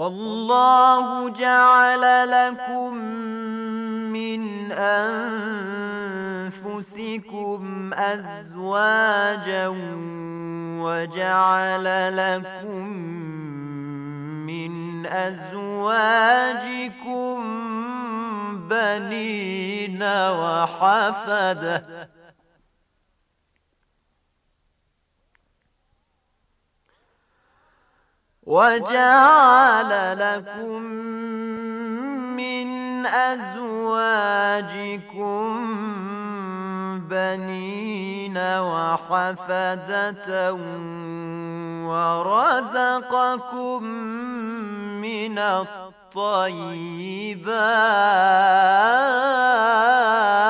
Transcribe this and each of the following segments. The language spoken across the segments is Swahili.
والله جعل لكم من أنفسكم أزواجا وجعل لكم من أزواجكم بنين وحفدة وجعل لكم من أزواجكم بنين وحفدة ورزقكم من الطيبات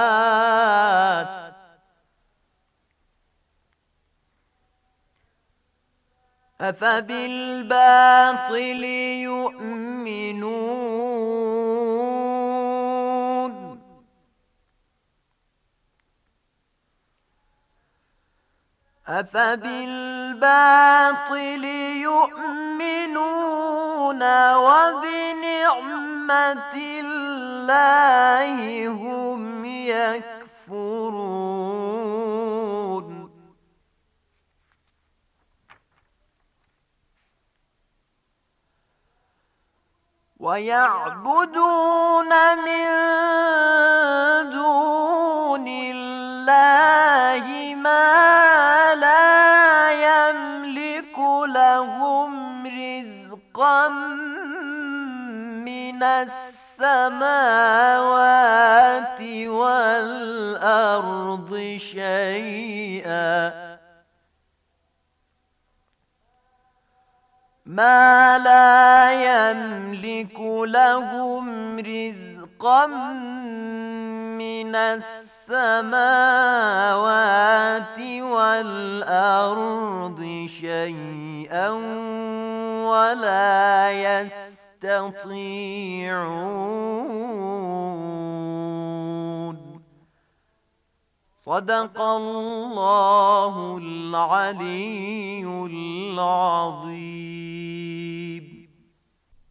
أفبالباطل يؤمنون أفبالباطل يؤمنون وبنعمة الله هم يكفرون ويعبدون من دون الله ما لا يملك لهم رزقا من السماوات والأرض شيئا ما لا يملك لهم رزقا من السماوات والأرض شيئا ولا يستطيعون صدق الله العلي العظيم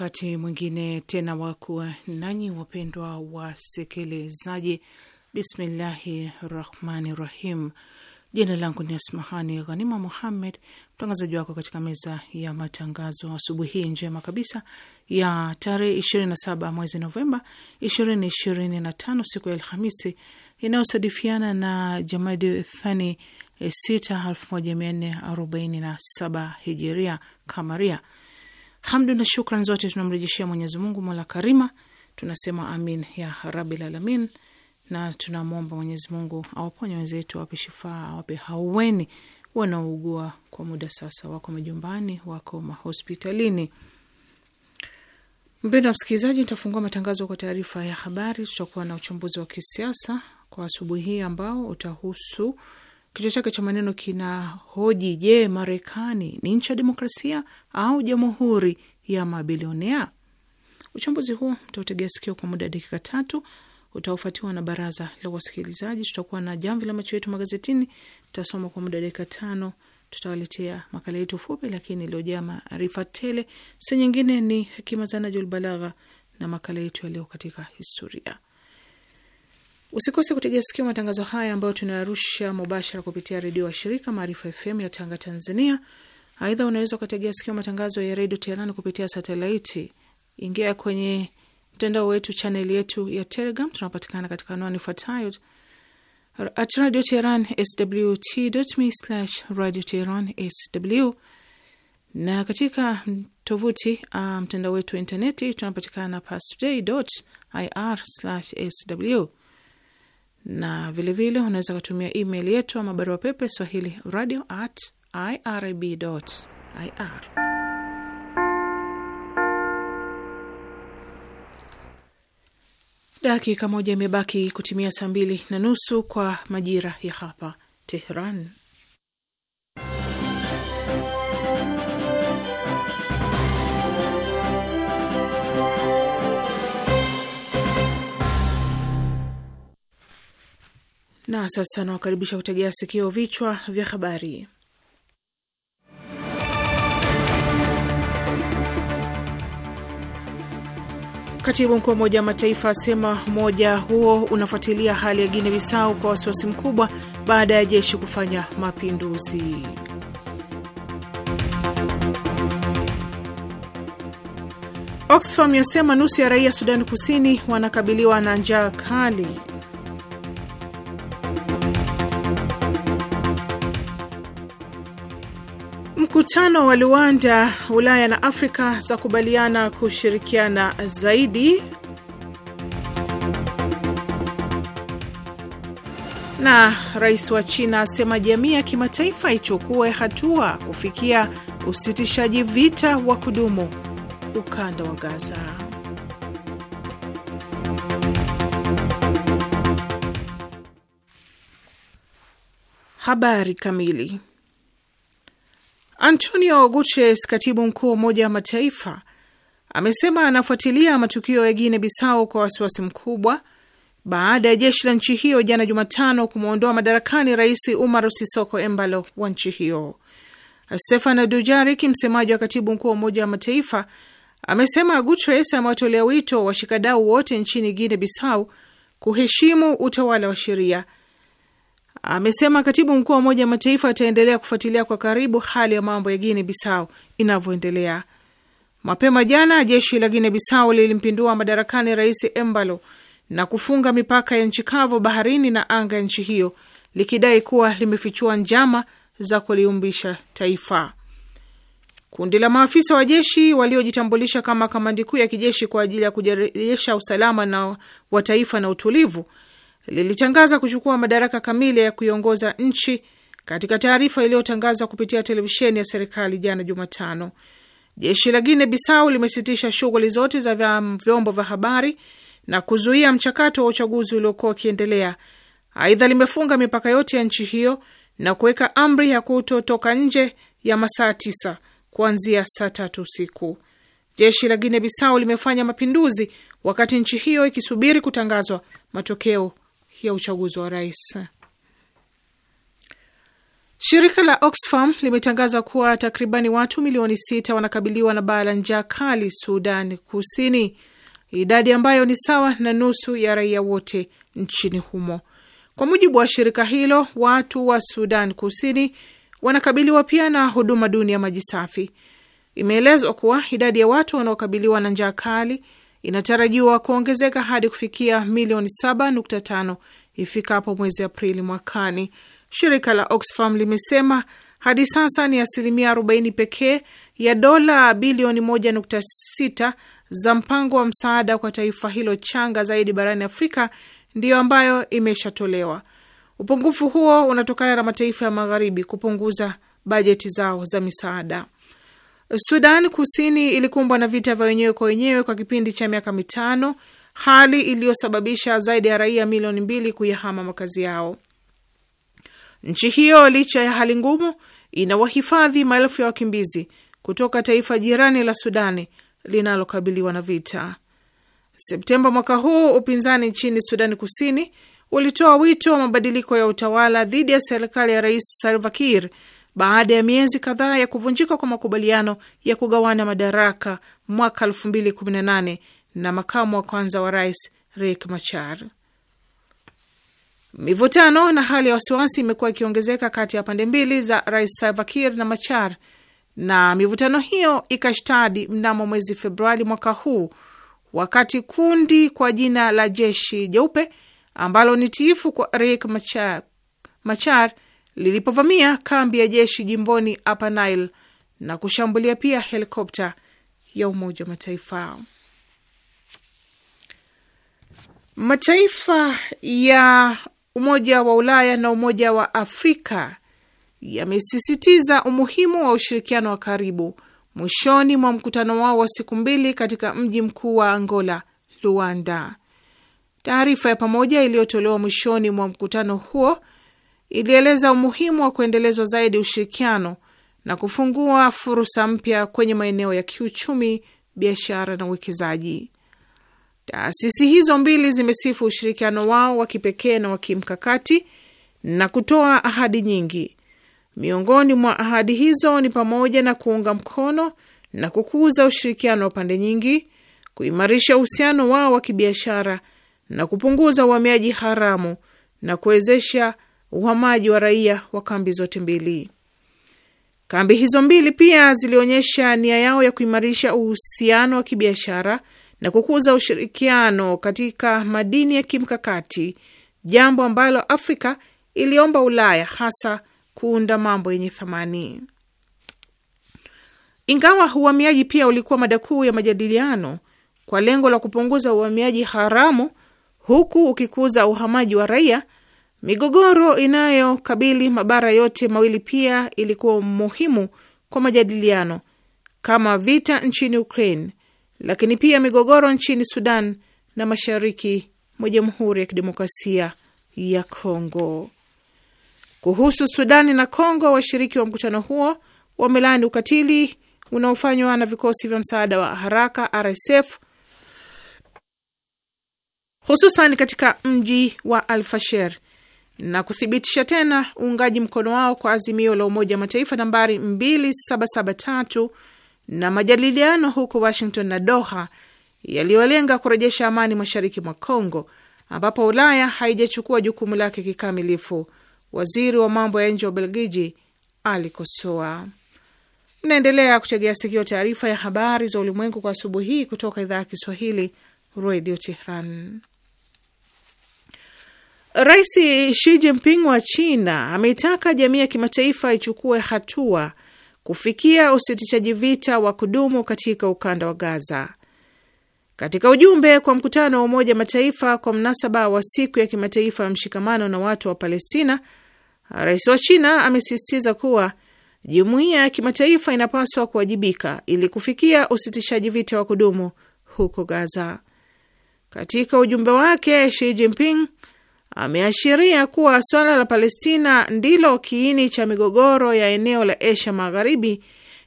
wakati mwingine tena wakuwa nanyi wapendwa wasikilizaji. Bismillahi rahmani rahim. Jina langu ni Asmahani Ghanima Muhammed, mtangazaji wako katika meza ya matangazo asubuhi hii njema kabisa ya tarehe saba mwezi Novemba tano siku ya Alhamisi inayosadifiana na Jamadi Thani eh, na saba hijiria kamaria Hamdu na shukran zote tunamrejeshea Mwenyezi Mungu mola karima, tunasema amin ya rabil alamin, na tunamwomba Mwenyezi Mungu awaponye wenzetu, awape shifaa, awape haueni wanaougua kwa muda sasa, wako majumbani, wako mahospitalini. Mpendo wa msikilizaji, nitafungua matangazo kwa taarifa ya habari. Tutakuwa na uchambuzi wa kisiasa kwa asubuhi hii ambao utahusu Kichwa chake cha maneno kina hoji: Je, Marekani ni nchi ya demokrasia au jamhuri ya mabilionea? Uchambuzi huu mtautegea sikio kwa muda wa dakika tatu, utaofatiwa na baraza la wasikilizaji. Tutakuwa na jamvi la macho yetu magazetini, tutasoma kwa muda wa dakika tano. Tutawaletea makala yetu fupi lakini iliyojaa maarifa tele. Si nyingine ni hekima za Nahjul Balagha na makala yetu ya katika historia. Usikose kutegea sikio matangazo haya ambayo tunayarusha mubashara kupitia redio wa shirika Maarifa FM ya Tanga, Tanzania. Aidha, unaweza ukategea sikio matangazo ya redio Teherani kupitia satelaiti. Ingia kwenye mtandao wetu, chaneli yetu ya Telegram. Tunapatikana katika anwani ifuatayo at radio teheran sw slash radio teheran sw, na katika tovuti ah, mtandao um, wetu wa intaneti tunapatikana pastoday ir sw na vilevile unaweza kutumia email yetu ama barua pepe swahili radio at irib ir. Dakika moja imebaki kutimia saa mbili na nusu kwa majira ya hapa Tehran. Na sasa nawakaribisha kutegea sikio vichwa vya habari. Katibu mkuu wa Umoja wa Mataifa asema umoja huo unafuatilia hali ya Guinea Bissau kwa wasiwasi mkubwa baada ya jeshi kufanya mapinduzi. Oxfam yasema nusu ya raia Sudani Kusini wanakabiliwa na njaa kali. Mkutano wa Luanda, Ulaya na Afrika za kubaliana kushirikiana zaidi. Na rais wa China asema jamii ya kimataifa ichukue hatua kufikia usitishaji vita wa kudumu ukanda wa Gaza. Habari kamili. Antonio Guterres, katibu mkuu wa Umoja wa Mataifa, amesema anafuatilia matukio ya Guinea Bissau kwa wasiwasi mkubwa baada ya jeshi la nchi hiyo jana Jumatano kumwondoa madarakani Rais Umar Sisoko Embalo wa nchi hiyo. Stefano dujarik msemaji wa katibu mkuu wa Umoja wa Mataifa, amesema Guterres amewatolea wito washikadau wote nchini Guinea Bissau kuheshimu utawala wa sheria Amesema katibu mkuu wa Umoja wa Mataifa ataendelea kufuatilia kwa karibu hali ya mambo ya Guinea Bissau inavyoendelea. Mapema jana jeshi la Guinea Bissau lilimpindua madarakani Rais Embalo na kufunga mipaka ya nchi kavu, baharini na anga ya nchi hiyo, likidai kuwa limefichua njama za kuliumbisha taifa. Kundi la maafisa wa jeshi waliojitambulisha kama kamandi kuu ya kijeshi kwa ajili ya kujarejesha usalama na wa taifa na utulivu lilitangaza kuchukua madaraka kamili ya kuiongoza nchi katika taarifa iliyotangazwa kupitia televisheni ya serikali jana Jumatano. Jeshi la Guinea Bissau limesitisha shughuli zote za vyombo vya habari na kuzuia mchakato wa uchaguzi uliokuwa ukiendelea. Aidha, limefunga mipaka yote ya nchi hiyo na kuweka amri ya kutotoka nje ya masaa tisa kuanzia saa tatu usiku. Jeshi la Guinea Bissau limefanya mapinduzi wakati nchi hiyo ikisubiri kutangazwa matokeo ya uchaguzi wa rais. Shirika la Oxfam limetangaza kuwa takribani watu milioni sita wanakabiliwa na baa la njaa kali Sudan Kusini, idadi ambayo ni sawa na nusu ya raia wote nchini humo. Kwa mujibu wa shirika hilo, watu wa Sudan Kusini wanakabiliwa pia na huduma duni ya maji safi. Imeelezwa kuwa idadi ya watu wanaokabiliwa na njaa kali inatarajiwa kuongezeka hadi kufikia milioni 7.5 ifikapo mwezi Aprili mwakani. Shirika la Oxfam limesema hadi sasa ni asilimia 40 pekee ya dola bilioni 1.6 za mpango wa msaada kwa taifa hilo changa zaidi barani Afrika ndiyo ambayo imeshatolewa. Upungufu huo unatokana na mataifa ya magharibi kupunguza bajeti zao za misaada. Sudan Kusini ilikumbwa na vita vya wenyewe kwa wenyewe kwa kipindi cha miaka mitano, hali iliyosababisha zaidi ya raia milioni mbili kuyahama makazi yao. Nchi hiyo licha ya hali ngumu, inawahifadhi maelfu ya wakimbizi kutoka taifa jirani la Sudani linalokabiliwa na vita. Septemba mwaka huu, upinzani nchini Sudani Kusini ulitoa wito wa mabadiliko ya utawala dhidi ya serikali ya Rais Salva Kiir baada ya miezi kadhaa ya kuvunjika kwa makubaliano ya kugawana madaraka mwaka 2018 na makamu wa kwanza wa rais Riek Machar. Mivutano na hali ya wasiwasi imekuwa ikiongezeka kati ya pande mbili za rais Salva Kiir na Machar, na mivutano hiyo ikashtadi mnamo mwezi Februari mwaka huu wakati kundi kwa jina la jeshi jeupe ambalo ni tiifu kwa Riek Machar, Machar lilipovamia kambi ya jeshi jimboni Upper Nile na kushambulia pia helikopta ya Umoja wa Mataifa. Mataifa ya Umoja wa Ulaya na Umoja wa Afrika yamesisitiza umuhimu wa ushirikiano wa karibu mwishoni mwa mkutano wao wa siku mbili katika mji mkuu wa Angola, Luanda. Taarifa ya pamoja iliyotolewa mwishoni mwa mkutano huo ilieleza umuhimu wa kuendelezwa zaidi ushirikiano na kufungua fursa mpya kwenye maeneo ya kiuchumi, biashara na uwekezaji. Taasisi hizo mbili zimesifu ushirikiano wao wa kipekee na wa kimkakati na kutoa ahadi nyingi. Miongoni mwa ahadi hizo ni pamoja na kuunga mkono na kukuza ushirikiano wa pande nyingi, kuimarisha uhusiano wao wa kibiashara na kupunguza uhamiaji haramu na kuwezesha uhamaji wa raia wa kambi zote mbili. Kambi hizo mbili pia zilionyesha nia yao ya kuimarisha uhusiano wa kibiashara na kukuza ushirikiano katika madini ya kimkakati, jambo ambalo Afrika iliomba Ulaya hasa kuunda mambo yenye thamani. Ingawa uhamiaji pia ulikuwa mada kuu ya majadiliano kwa lengo la kupunguza uhamiaji haramu huku ukikuza uhamaji wa raia Migogoro inayokabili mabara yote mawili pia ilikuwa muhimu kwa majadiliano kama vita nchini Ukraine, lakini pia migogoro nchini Sudan na mashariki mwa Jamhuri ya Kidemokrasia ya Kongo. Kuhusu Sudani na Kongo, washiriki wa mkutano huo wamelaani ukatili unaofanywa na vikosi vya msaada wa haraka RSF hususan katika mji wa Alfasher na kuthibitisha tena uungaji mkono wao kwa azimio la Umoja wa Mataifa nambari 2773 na majadiliano huko Washington na Doha yaliyolenga kurejesha amani mashariki mwa congo ambapo Ulaya haijachukua jukumu lake kikamilifu. Waziri wa mambo ya nje wa Ubelgiji alikosoa. Mnaendelea kutegea sikio taarifa ya habari za ulimwengu kwa asubuhi hii kutoka idhaa ya Kiswahili, Radio Tehran. Rais Xi Jinping wa China ameitaka jamii ya kimataifa ichukue hatua kufikia usitishaji vita wa kudumu katika ukanda wa Gaza. Katika ujumbe kwa mkutano wa Umoja Mataifa kwa mnasaba wa siku ya kimataifa ya mshikamano na watu wa Palestina, rais wa China amesisitiza kuwa jumuiya ya kimataifa inapaswa kuwajibika ili kufikia usitishaji vita wa kudumu huko Gaza. Katika ujumbe wake, Xi Jinping ameashiria kuwa swala la Palestina ndilo kiini cha migogoro ya eneo la Asia Magharibi,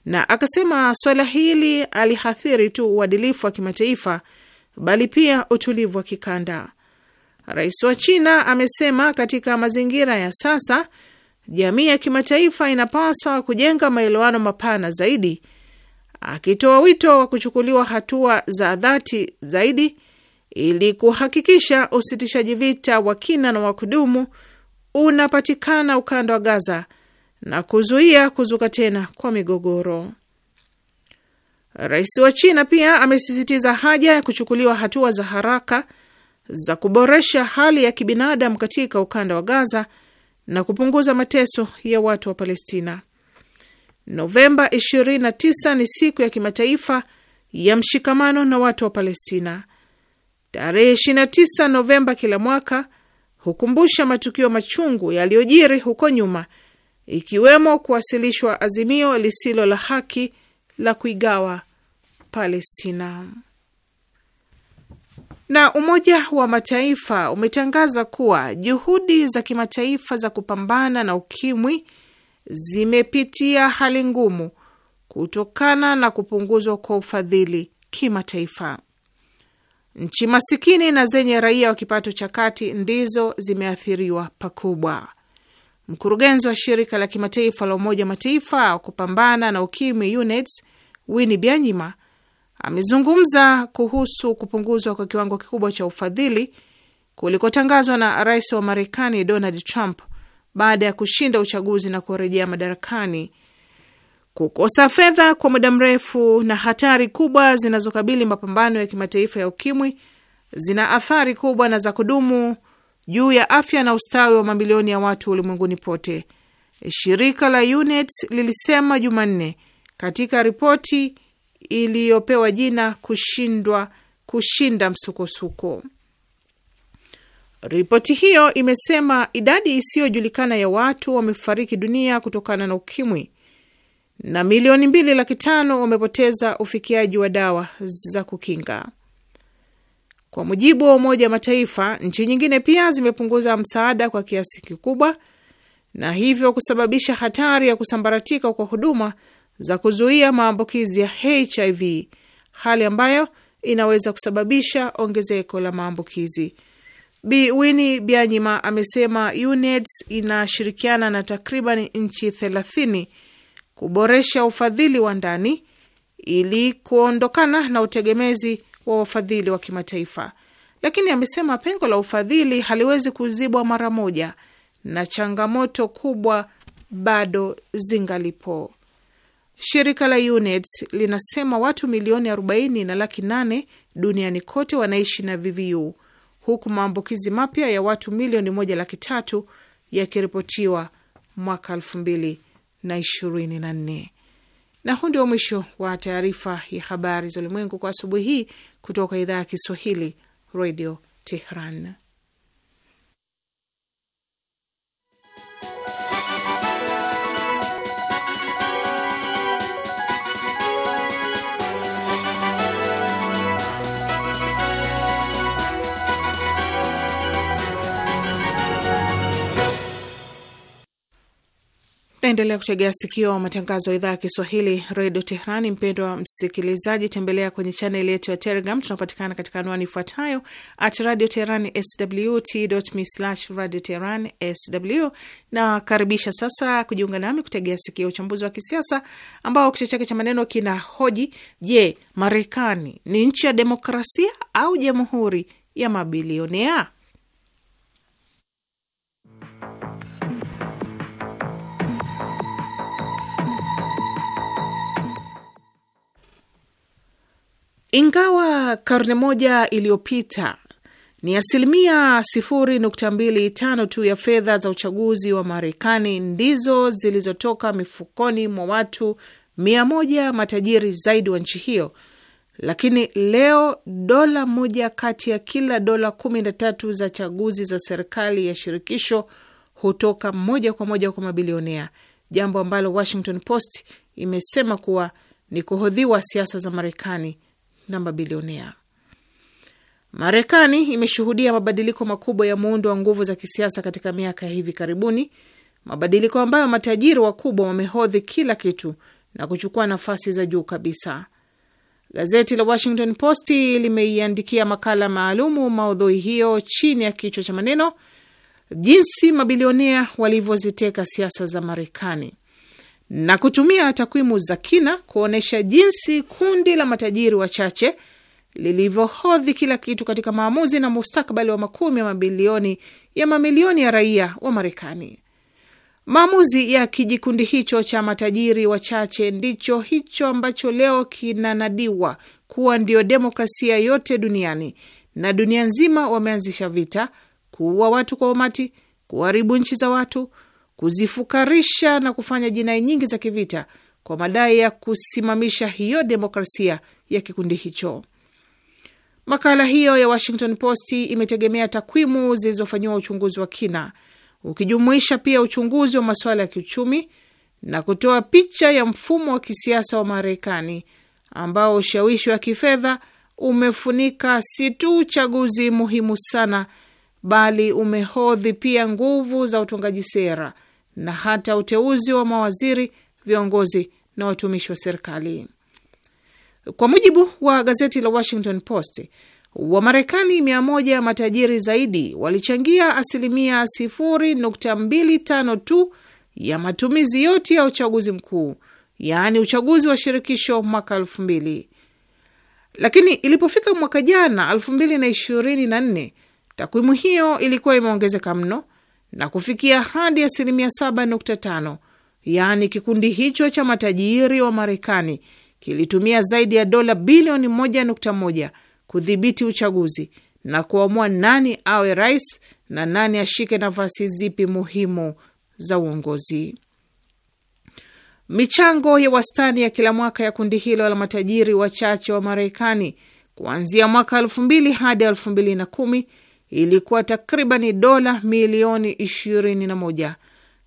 na akasema swala hili alihathiri tu uadilifu wa kimataifa bali pia utulivu wa kikanda. Rais wa China amesema katika mazingira ya sasa jamii ya kimataifa inapaswa kujenga maelewano mapana zaidi, akitoa wito wa kuchukuliwa hatua za dhati zaidi ili kuhakikisha usitishaji vita wa kina na wa kudumu unapatikana ukanda wa Gaza na kuzuia kuzuka tena kwa migogoro. Rais wa China pia amesisitiza haja ya kuchukuliwa hatua za haraka za kuboresha hali ya kibinadamu katika ukanda wa Gaza na kupunguza mateso ya watu wa Palestina. Novemba 29 ni siku ya kimataifa ya mshikamano na watu wa Palestina. Tarehe 29 Novemba kila mwaka hukumbusha matukio machungu yaliyojiri huko nyuma, ikiwemo kuwasilishwa azimio lisilo la haki la kuigawa Palestina. Na Umoja wa Mataifa umetangaza kuwa juhudi za kimataifa za kupambana na ukimwi zimepitia hali ngumu kutokana na kupunguzwa kwa ufadhili kimataifa. Nchi masikini na zenye raia wa kipato cha kati ndizo zimeathiriwa pakubwa. Mkurugenzi wa shirika la kimataifa la Umoja Mataifa wa kupambana na ukimwi UNAIDS Winnie Byanyima amezungumza kuhusu kupunguzwa kwa kiwango kikubwa cha ufadhili kulikotangazwa na rais wa Marekani Donald Trump baada ya kushinda uchaguzi na kurejea madarakani kukosa fedha kwa muda mrefu na hatari kubwa zinazokabili mapambano ya kimataifa ya ukimwi zina athari kubwa na za kudumu juu ya afya na ustawi wa mamilioni ya watu ulimwenguni pote, shirika la UNAIDS lilisema Jumanne katika ripoti iliyopewa jina kushindwa kushinda msukosuko. Ripoti hiyo imesema idadi isiyojulikana ya watu wamefariki dunia kutokana na ukimwi na milioni mbili laki tano wamepoteza ufikiaji wa dawa za kukinga. Kwa mujibu wa Umoja wa Mataifa, nchi nyingine pia zimepunguza msaada kwa kiasi kikubwa na hivyo kusababisha hatari ya kusambaratika kwa huduma za kuzuia maambukizi ya HIV, hali ambayo inaweza kusababisha ongezeko la maambukizi. Bi Wini Byanyima amesema UNAIDS inashirikiana na takriban nchi thelathini kuboresha ufadhili wa ndani ili kuondokana na utegemezi wa wafadhili wa kimataifa, lakini amesema pengo la ufadhili haliwezi kuzibwa mara moja na changamoto kubwa bado zingalipo. Shirika la UNAIDS linasema watu milioni 40 na laki 8 duniani kote wanaishi na VVU huku maambukizi mapya ya watu milioni moja laki tatu yakiripotiwa mwaka elfu mbili na ishirini na nne. Na huu ndio mwisho wa taarifa ya habari za ulimwengu kwa asubuhi hii kutoka idhaa ya Kiswahili, Radio Tehran. Naendelea kutegea sikio matangazo ya idhaa ya Kiswahili redio Tehrani. Mpendwa msikilizaji, tembelea kwenye chaneli yetu ya Telegram. Tunapatikana katika anwani ifuatayo at radio tehrani sw t.me slash radio tehrani sw. Nakaribisha sasa kujiunga nami kutegea sikio uchambuzi wa kisiasa ambao kichwa chake cha maneno kina hoji: Je, Marekani ni nchi ya demokrasia au jamhuri ya mabilionea? Ingawa karne moja iliyopita ni asilimia 0.25 tu ya fedha za uchaguzi wa Marekani ndizo zilizotoka mifukoni mwa watu 100 matajiri zaidi wa nchi hiyo, lakini leo dola moja kati ya kila dola 13 za chaguzi za serikali ya shirikisho hutoka moja kwa moja kwa mabilionea, jambo ambalo Washington Post imesema kuwa ni kuhodhiwa siasa za Marekani na mabilionea. Marekani imeshuhudia mabadiliko makubwa ya muundo wa nguvu za kisiasa katika miaka ya hivi karibuni, mabadiliko ambayo matajiri wakubwa wamehodhi kila kitu na kuchukua nafasi za juu kabisa. Gazeti la Washington Post limeiandikia makala maalumu maudhui hiyo chini ya kichwa cha maneno jinsi mabilionea walivyoziteka siasa za Marekani na kutumia takwimu za kina kuonyesha jinsi kundi la matajiri wachache lilivyohodhi kila kitu katika maamuzi na mustakabali wa makumi ya mabilioni ya mamilioni ya raia wa Marekani. Maamuzi ya kijikundi hicho cha matajiri wachache ndicho hicho ambacho leo kinanadiwa kuwa ndiyo demokrasia yote duniani, na dunia nzima wameanzisha vita, kuua watu kwa umati, kuharibu nchi za watu, kuzifukarisha na kufanya jinai nyingi za kivita kwa madai ya kusimamisha hiyo demokrasia ya kikundi hicho. Makala hiyo ya Washington Post imetegemea takwimu zilizofanyiwa uchunguzi wa kina, ukijumuisha pia uchunguzi wa masuala ya kiuchumi na kutoa picha ya mfumo wa kisiasa wa Marekani ambao ushawishi wa kifedha umefunika si tu chaguzi muhimu sana, bali umehodhi pia nguvu za utungaji sera na hata uteuzi wa mawaziri, viongozi na watumishi wa serikali. Kwa mujibu wa gazeti la Washington Post, Wamarekani 1 matajiri zaidi walichangia asilimia 0.25 tu ya matumizi yote ya uchaguzi mkuu, yaani uchaguzi wa shirikisho mwaka elfu Lakini ilipofika mwaka jana 224 takwimu hiyo ilikuwa imeongezeka mno na kufikia hadi asilimia 7.5. Yaani kikundi hicho cha matajiri wa Marekani kilitumia zaidi ya dola bilioni 1.1 kudhibiti uchaguzi na kuamua nani awe rais na nani ashike nafasi zipi muhimu za uongozi. Michango ya wastani ya kila mwaka ya kundi hilo la matajiri wachache wa Marekani kuanzia mwaka elfu mbili hadi elfu mbili na kumi ilikuwa takriban dola milioni 21,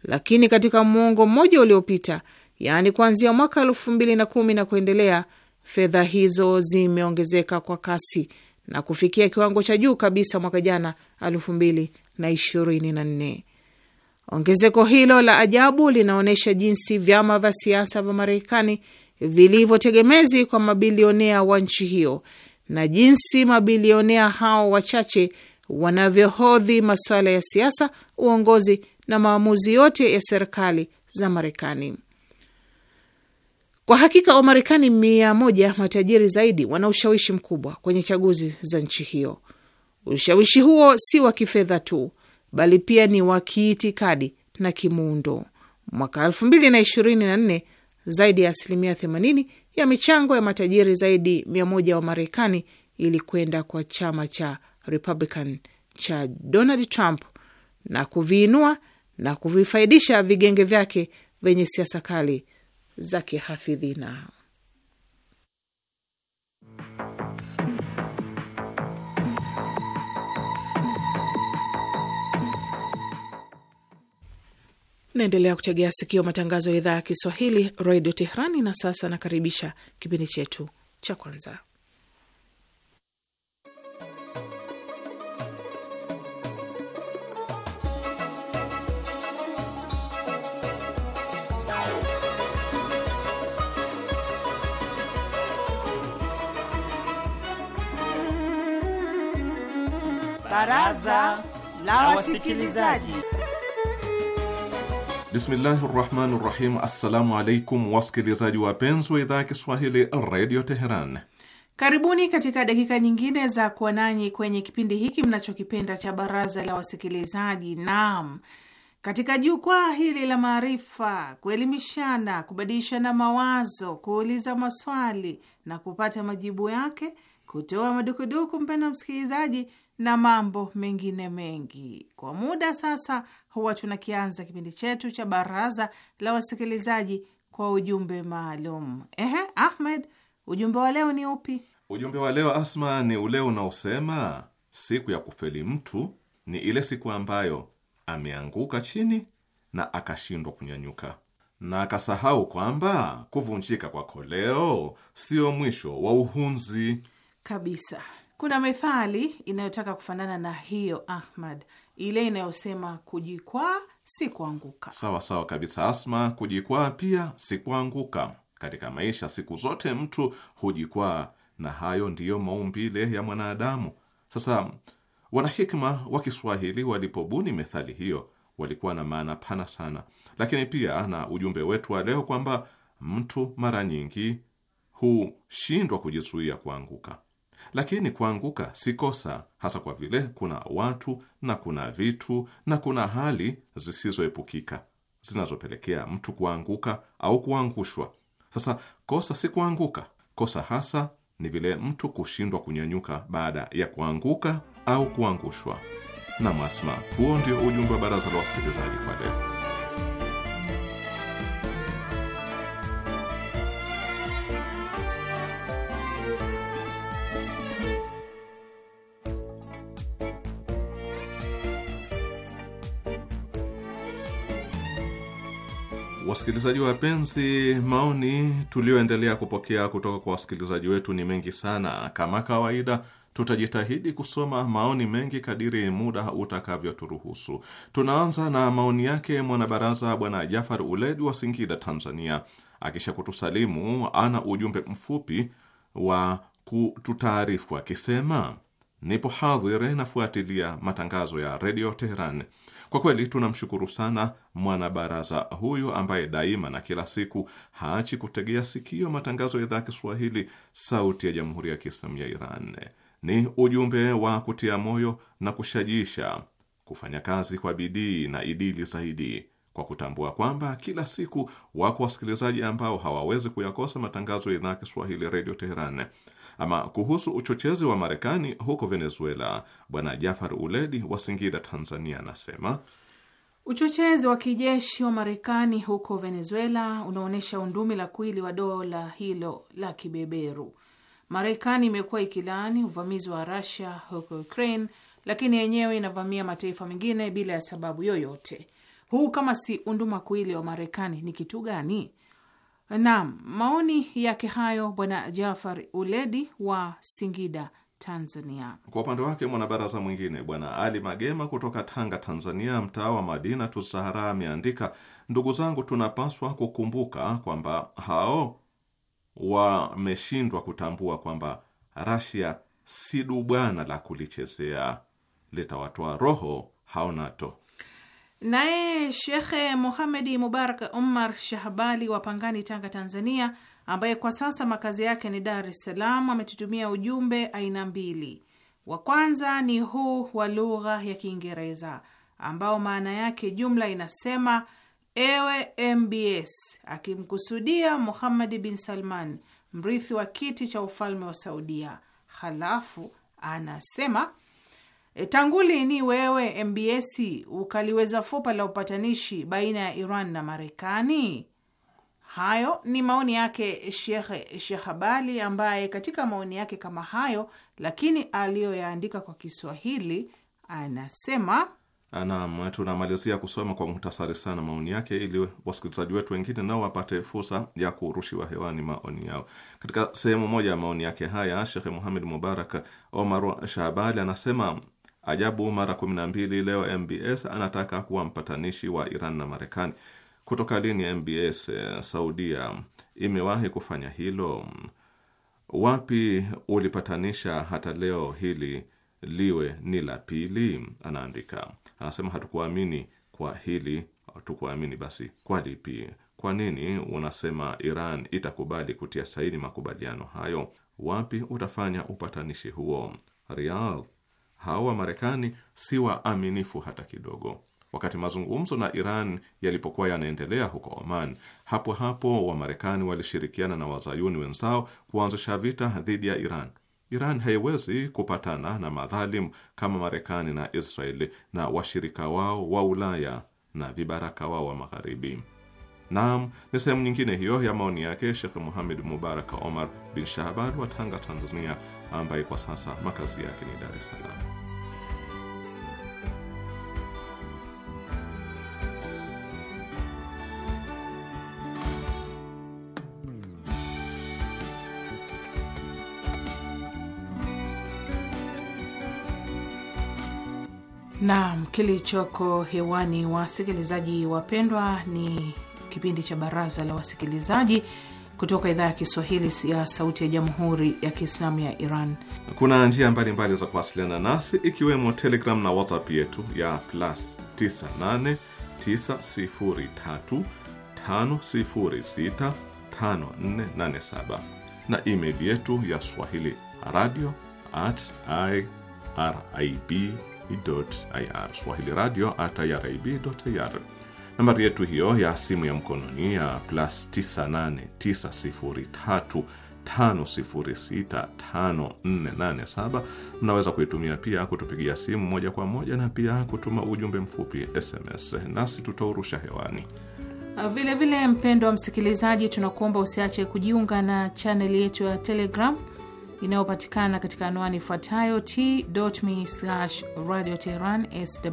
lakini katika mwongo mmoja uliopita, yaani kuanzia mwaka elfu mbili na kumi na kuendelea, fedha hizo zimeongezeka kwa kasi na kufikia kiwango cha juu kabisa mwaka jana elfu mbili na ishirini na nne. Ongezeko hilo la ajabu linaonyesha jinsi vyama vya siasa vya Marekani vilivyotegemezi kwa mabilionea wa nchi hiyo na jinsi mabilionea hao wachache wanavyohodhi masuala ya siasa, uongozi na maamuzi yote ya serikali za Marekani. Kwa hakika Wamarekani mia moja matajiri zaidi wana ushawishi mkubwa kwenye chaguzi za nchi hiyo. Ushawishi huo si wa kifedha tu, bali pia ni wa kiitikadi na kimuundo. Mwaka nne zaidi ya asilimia 80 ya michango ya matajiri zaidi moja wa Marekani ilikwenda kwa chama cha Republican cha Donald Trump na kuviinua na kuvifaidisha vigenge vyake vyenye siasa kali za kihafidhina. Naendelea kutegea sikio matangazo ya idhaa ya Kiswahili, redio Tehrani. Na sasa nakaribisha kipindi chetu cha kwanza Baraza la Wasikilizaji. Bismillahi rahmani rahim. Assalamu alaikum wasikilizaji wapenzi wa idhaa ya Kiswahili Redio Teheran. Karibuni katika dakika nyingine za kuwa nanyi kwenye kipindi hiki mnachokipenda cha Baraza la Wasikilizaji. Naam, katika jukwaa hili la maarifa, kuelimishana, kubadilishana mawazo, kuuliza maswali na kupata majibu yake, kutoa madukuduku, mpenda msikilizaji na mambo mengine mengi. Kwa muda sasa, huwa tunakianza kipindi chetu cha baraza la wasikilizaji kwa ujumbe maalum. Ehe, Ahmed, ujumbe wa leo ni upi? Ujumbe wa leo Asma, ni ule unaosema siku ya kufeli mtu ni ile siku ambayo ameanguka chini na akashindwa kunyanyuka na akasahau kwamba kuvunjika kwa koleo sio mwisho wa uhunzi kabisa. Kuna methali inayotaka kufanana na hiyo Ahmad, ile inayosema kujikwaa si kuanguka. Sawa sawa kabisa, Asma. Kujikwaa pia si kuanguka. Katika maisha siku zote mtu hujikwaa, na hayo ndiyo maumbile ya mwanadamu. Sasa wanahikma wa Kiswahili walipobuni methali hiyo walikuwa na maana pana sana, lakini pia na ujumbe wetu wa leo kwamba mtu mara nyingi hushindwa kujizuia kuanguka lakini kuanguka si kosa, hasa kwa vile kuna watu na kuna vitu na kuna hali zisizoepukika zinazopelekea mtu kuanguka au kuangushwa. Sasa kosa si kuanguka, kosa hasa ni vile mtu kushindwa kunyanyuka baada ya kuanguka au kuangushwa. Na Masma, huo ndio ujumbe wa baraza la wasikilizaji kwa leo. Wasikilizaji wapenzi, maoni tulioendelea kupokea kutoka kwa wasikilizaji wetu ni mengi sana. Kama kawaida, tutajitahidi kusoma maoni mengi kadiri muda utakavyoturuhusu. Tunaanza na maoni yake mwanabaraza Bwana Jafar Uledi wa Singida, Tanzania. Akisha kutusalimu, ana ujumbe mfupi wa kututaarifu akisema nipo hadhire, nafuatilia matangazo ya redio Teheran. Kwa kweli tunamshukuru sana mwanabaraza huyu ambaye daima na kila siku haachi kutegea sikio matangazo ya idhaa ya Kiswahili, sauti ya jamhuri ya kiislamu ya Iran. Ni ujumbe wa kutia moyo na kushajisha kufanya kazi kwa bidii na idili zaidi, kwa kutambua kwamba kila siku wako wasikilizaji ambao hawawezi kuyakosa matangazo ya idhaa ya Kiswahili redio Teheran. Ama kuhusu uchochezi wa Marekani huko Venezuela, Bwana Jafar Uledi wa Singida, Tanzania, anasema uchochezi wa kijeshi wa Marekani huko Venezuela unaonyesha undumi la kwili wa dola hilo la kibeberu. Marekani imekuwa ikilaani uvamizi wa rasia huko Ukraine, lakini yenyewe inavamia mataifa mengine bila ya sababu yoyote. Huu kama si unduma kuili wa Marekani ni kitu gani? Naam, maoni yake hayo Bwana Jafar Uledi wa Singida, Tanzania. Kwa upande wake mwanabaraza mwingine Bwana Ali Magema kutoka Tanga, Tanzania, mtaa wa Madina Tusahara ameandika, ndugu zangu, tunapaswa kukumbuka kwamba hao wameshindwa kutambua kwamba Rasia si dubwana la kulichezea, litawatoa roho hao NATO. Naye Shekhe muhamedi Mubarak umar Shahbali wa Pangani, Tanga, Tanzania, ambaye kwa sasa makazi yake ni Dar es Salaam, ametutumia ujumbe aina mbili. Wa kwanza ni huu wa lugha ya Kiingereza ambao maana yake jumla inasema: ewe MBS, akimkusudia Muhammad bin Salman, mrithi wa kiti cha ufalme wa Saudia. Halafu anasema E, tanguli ni wewe MBS ukaliweza fupa la upatanishi baina ya Iran na Marekani? Hayo ni maoni yake Sheikh Shehabali, ambaye katika maoni yake kama hayo, lakini aliyoyaandika kwa Kiswahili anasema Naam, tunamalizia kusoma kwa muhtasari sana maoni yake ili wasikilizaji wetu wengine nao wapate fursa ya kurushiwa hewani maoni yao. Katika sehemu moja ya maoni yake haya, Shekhe Muhamed Mubarak Omar Shabali anasema Ajabu mara kumi na mbili leo MBS anataka kuwa mpatanishi wa Iran na Marekani. Kutoka lini MBS eh, Saudia imewahi kufanya hilo? Wapi ulipatanisha hata leo hili liwe ni la pili? Anaandika, anasema hatukuamini kwa hili, hatukuamini basi kwa lipi? Kwa nini unasema Iran itakubali kutia saini makubaliano hayo? Wapi utafanya upatanishi huo? Riyadh wa Marekani si waaminifu hata kidogo. Wakati mazungumzo na Iran yalipokuwa yanaendelea huko Oman, hapo hapo Wamarekani walishirikiana na wazayuni wenzao kuanzisha vita dhidi ya Iran. Iran haiwezi kupatana na madhalimu kama Marekani na Israeli na washirika wao wa Ulaya na vibaraka wao wa Magharibi. Naam, ni sehemu nyingine hiyo ya maoni yake Shekh Muhamed Mubaraka Omar bin Shahbar wa Tanga, Tanzania ambaye kwa sasa makazi yake ni Dar es Salaam. Naam, kilichoko hewani, wasikilizaji wapendwa, ni kipindi cha Baraza la Wasikilizaji kutoka idhaa ya Kiswahili ya Sauti ya Jamhuri ya Kiislamu ya Iran. Kuna njia mbalimbali za kuwasiliana nasi, ikiwemo Telegram na WhatsApp yetu ya plus 989035065487 na email yetu ya swahili radio at irib ir, swahili radio at irib ir Nambari yetu hiyo ya simu ya mkononi ya plus 989035065487 mnaweza kuitumia pia kutupigia simu moja kwa moja na pia kutuma ujumbe mfupi SMS, nasi tutaurusha hewani. Vilevile uh, vile, mpendo wa msikilizaji, tunakuomba usiache kujiunga na chaneli yetu ya Telegram inayopatikana katika anwani ifuatayo t.me/radio teheran sw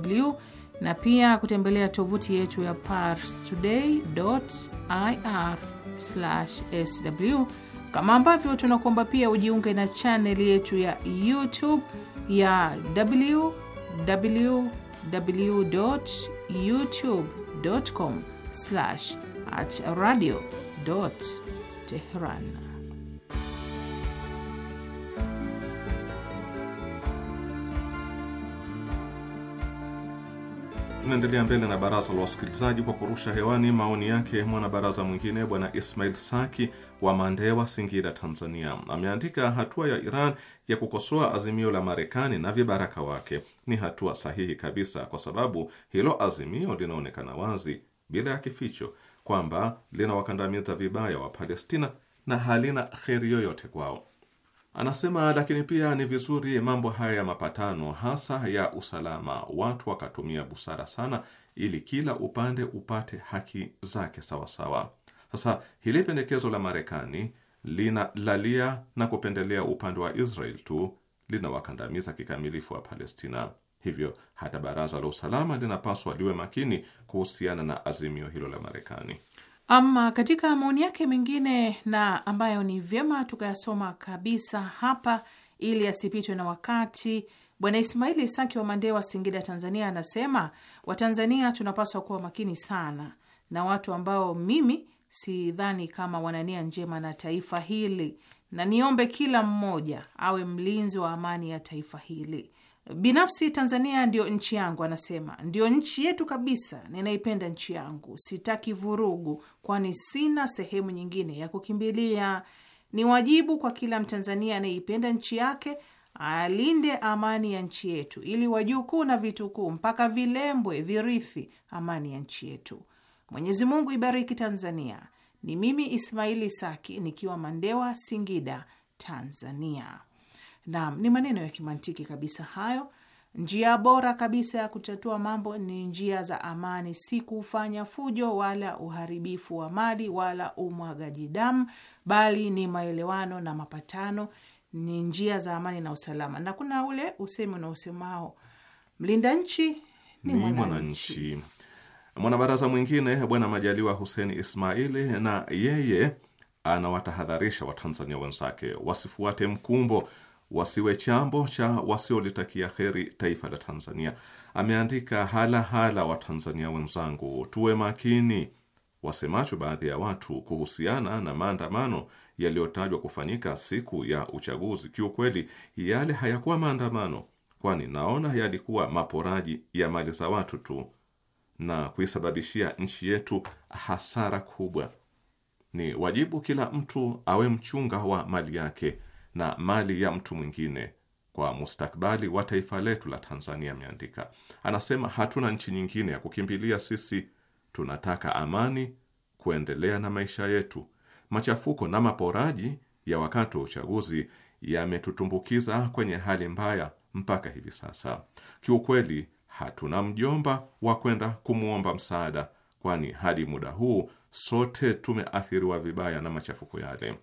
na pia kutembelea tovuti yetu ya parstoday.ir/sw, kama ambavyo tunakuomba pia ujiunge na chaneli yetu ya YouTube ya www.youtube.com/radio Tehran. Tunaendelea mbele na baraza la wasikilizaji kwa kurusha hewani maoni yake mwanabaraza mwingine bwana Ismail Saki wa Mandewa, Singida, Tanzania. Ameandika, hatua ya Iran ya kukosoa azimio la Marekani na vibaraka wake ni hatua sahihi kabisa, kwa sababu hilo azimio linaonekana wazi bila ya kificho kwamba linawakandamiza vibaya wa Palestina na halina kheri yoyote kwao. Anasema lakini pia ni vizuri mambo haya ya mapatano, hasa ya usalama, watu wakatumia busara sana, ili kila upande upate haki zake sawasawa. Sasa hili pendekezo la Marekani linalalia na kupendelea upande wa Israel tu, linawakandamiza kikamilifu wa Palestina. Hivyo hata baraza la usalama linapaswa liwe makini kuhusiana na azimio hilo la Marekani. Ama katika maoni yake mengine na ambayo ni vyema tukayasoma kabisa hapa ili asipitwe na wakati, Bwana Ismaili saki wa Mandewa, Singida, Tanzania, anasema Watanzania tunapaswa kuwa makini sana na watu ambao mimi sidhani kama wanania njema na taifa hili, na niombe kila mmoja awe mlinzi wa amani ya taifa hili. Binafsi Tanzania ndiyo nchi yangu, anasema ndiyo nchi yetu kabisa. Ninaipenda nchi yangu, sitaki vurugu, kwani sina sehemu nyingine ya kukimbilia. Ni wajibu kwa kila Mtanzania anayeipenda nchi yake alinde amani ya nchi yetu, ili wajukuu na vitukuu mpaka vilembwe virithi amani ya nchi yetu. Mwenyezi Mungu ibariki Tanzania. Ni mimi Ismaili Saki nikiwa Mandewa, Singida, Tanzania. Naam, ni maneno ya kimantiki kabisa hayo. Njia bora kabisa ya kutatua mambo ni njia za amani, si kufanya fujo wala uharibifu wa mali wala umwagaji damu, bali ni maelewano na mapatano, ni njia za amani na usalama. Na kuna ule usemi unaosemao mlinda nchi ni mwananchi. Mwanabaraza mwingine Bwana Majaliwa Hussein Ismaili, na yeye anawatahadharisha Watanzania wenzake wasifuate mkumbo wasiwe chambo cha wasiolitakia heri taifa la Tanzania. Ameandika, hala hala Watanzania wenzangu, tuwe makini wasemacho baadhi ya watu kuhusiana na maandamano yaliyotajwa kufanyika siku ya uchaguzi. Kiukweli yale hayakuwa maandamano, kwani naona yalikuwa maporaji ya mali za watu tu na kuisababishia nchi yetu hasara kubwa. Ni wajibu kila mtu awe mchunga wa mali yake na mali ya mtu mwingine kwa mustakbali wa taifa letu la Tanzania, ameandika. Anasema hatuna nchi nyingine ya kukimbilia sisi, tunataka amani, kuendelea na maisha yetu. Machafuko na maporaji ya wakati wa uchaguzi yametutumbukiza kwenye hali mbaya mpaka hivi sasa. Kiukweli hatuna mjomba wa kwenda kumwomba msaada, kwani hadi muda huu sote tumeathiriwa vibaya na machafuko yale.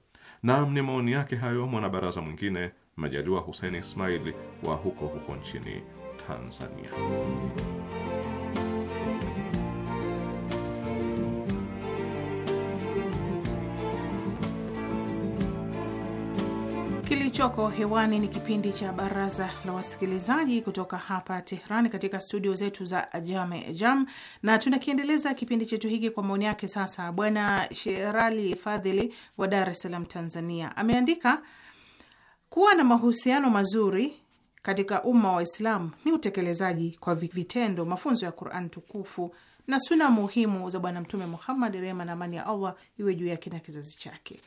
Naam, ni maoni yake hayo mwanabaraza mwingine Majaliwa Hussein Ismail wa huko huko nchini Tanzania. Kilichoko hewani ni kipindi cha Baraza la Wasikilizaji kutoka hapa tehran katika studio zetu za Jame Jam, na tunakiendeleza kipindi chetu hiki kwa maoni yake. Sasa Bwana Sherali Fadhili wa Dar es Salaam, Tanzania, ameandika kuwa na mahusiano mazuri katika umma wa islam ni utekelezaji kwa vitendo mafunzo ya Quran tukufu na suna muhimu za Bwana Mtume Muhammad, rehma na amani ya Allah iwe juu yake na kizazi chake.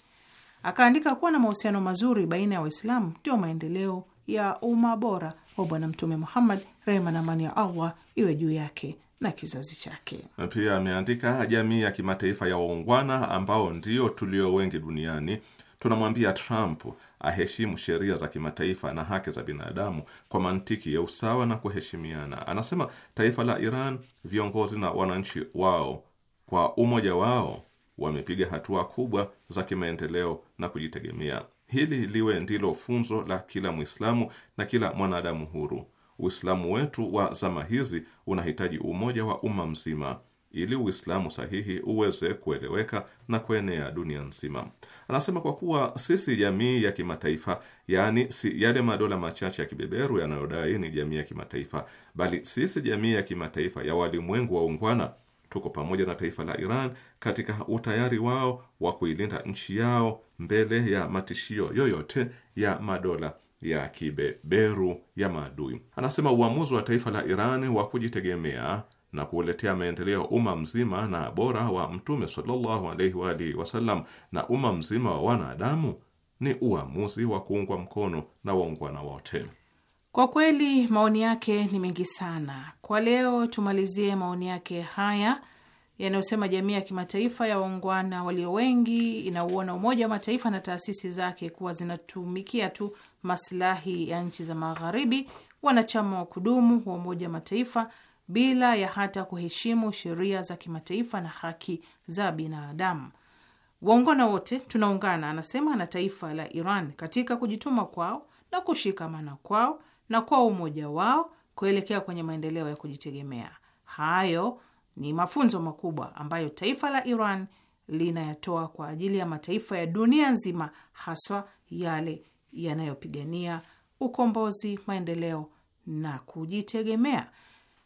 Akaandika kuwa na mahusiano mazuri baina ya Waislamu ndio maendeleo ya umma bora wa Bwana Mtume Muhammad, rehma na amani ya Allah iwe juu yake na kizazi chake. Pia ameandika jamii ya kimataifa ya waungwana ambao ndio tulio wengi duniani, tunamwambia Trump aheshimu sheria za kimataifa na haki za binadamu kwa mantiki ya usawa na kuheshimiana. Anasema taifa la Iran, viongozi na wananchi wao kwa umoja wao wamepiga hatua kubwa za kimaendeleo na kujitegemea. Hili liwe ndilo funzo la kila Mwislamu na kila mwanadamu huru. Uislamu wetu wa zama hizi unahitaji umoja wa umma mzima ili Uislamu sahihi uweze kueleweka na kuenea dunia nzima. Anasema kwa kuwa sisi jamii ya kimataifa, yaani si yale madola machache ya kibeberu yanayodai ni jamii ya kimataifa, bali sisi jamii ya kimataifa ya walimwengu waungwana tuko pamoja na taifa la Iran katika utayari wao wa kuilinda nchi yao mbele ya matishio yoyote ya madola ya kibeberu ya maadui. Anasema uamuzi wa taifa la Iran wa kujitegemea na kuuletea maendeleo umma mzima na bora wa Mtume sallallahu alaihi wa alihi wasallam na umma mzima wa wanadamu ni uamuzi wa kuungwa mkono na waungwana wote. Kwa kweli maoni yake ni mengi sana. Kwa leo tumalizie maoni yake haya yanayosema jamii ya kimataifa ya waungwana walio wengi inauona Umoja wa Mataifa na taasisi zake kuwa zinatumikia tu maslahi ya nchi za Magharibi, wanachama wa kudumu wa Umoja wa Mataifa, bila ya hata kuheshimu sheria za kimataifa na haki za binadamu. Waungwana wote tunaungana, anasema, na taifa la Iran katika kujituma kwao na kushikamana kwao na kwa umoja wao kuelekea kwenye maendeleo ya kujitegemea. Hayo ni mafunzo makubwa ambayo taifa la Iran linayatoa kwa ajili ya mataifa ya dunia nzima, haswa yale yanayopigania ukombozi, maendeleo na kujitegemea.